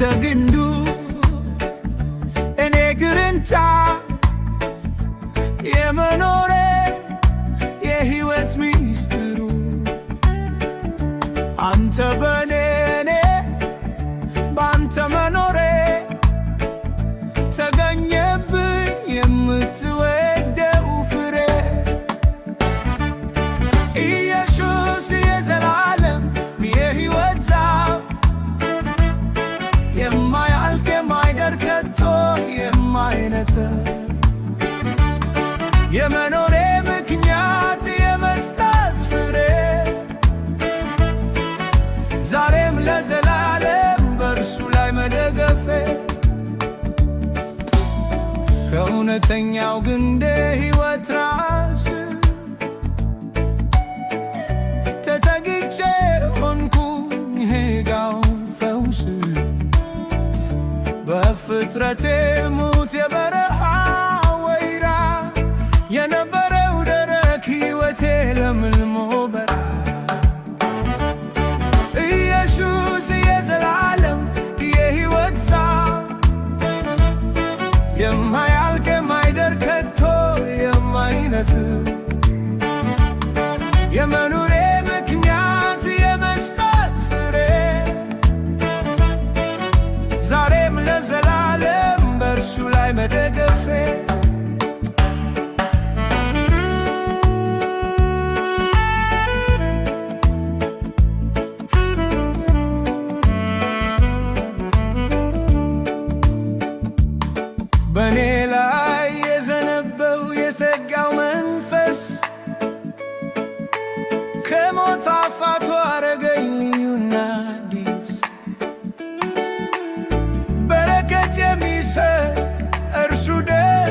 ተግንዱ እኔ ግርንጫ የመኖሬ የሕይወት ሚስጥሩ አንተ ተመለሰ። የመኖሬ ምክንያት የመስጠት ፍሬ ዛሬም ለዘላለም በእርሱ ላይ መደገፌ ከእውነተኛው ግንዴ ሕይወት ራስ ተጠግቼ ሆንኩ ሄጋው ፈውስ በፍጥረቴ ሙት የማያልቅ የማይደር ከቶ የማይነትም የመኖር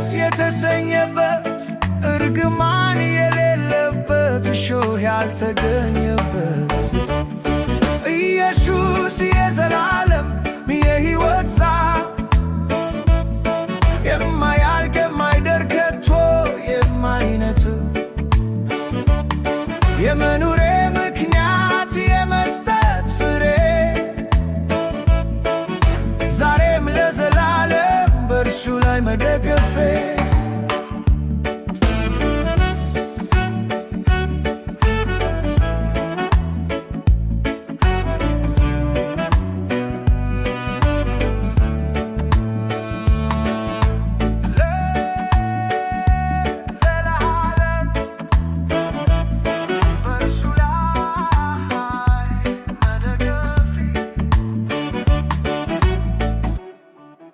ደስ የተሰኘበት እርግማን የሌለበት እሾህ ያልተገኘበት ኢየሱስ የዘላለም የሕይወት ዛፍ የማያልቅ የማይደርግ ከቶ የማይነጥፍ የመኖሬ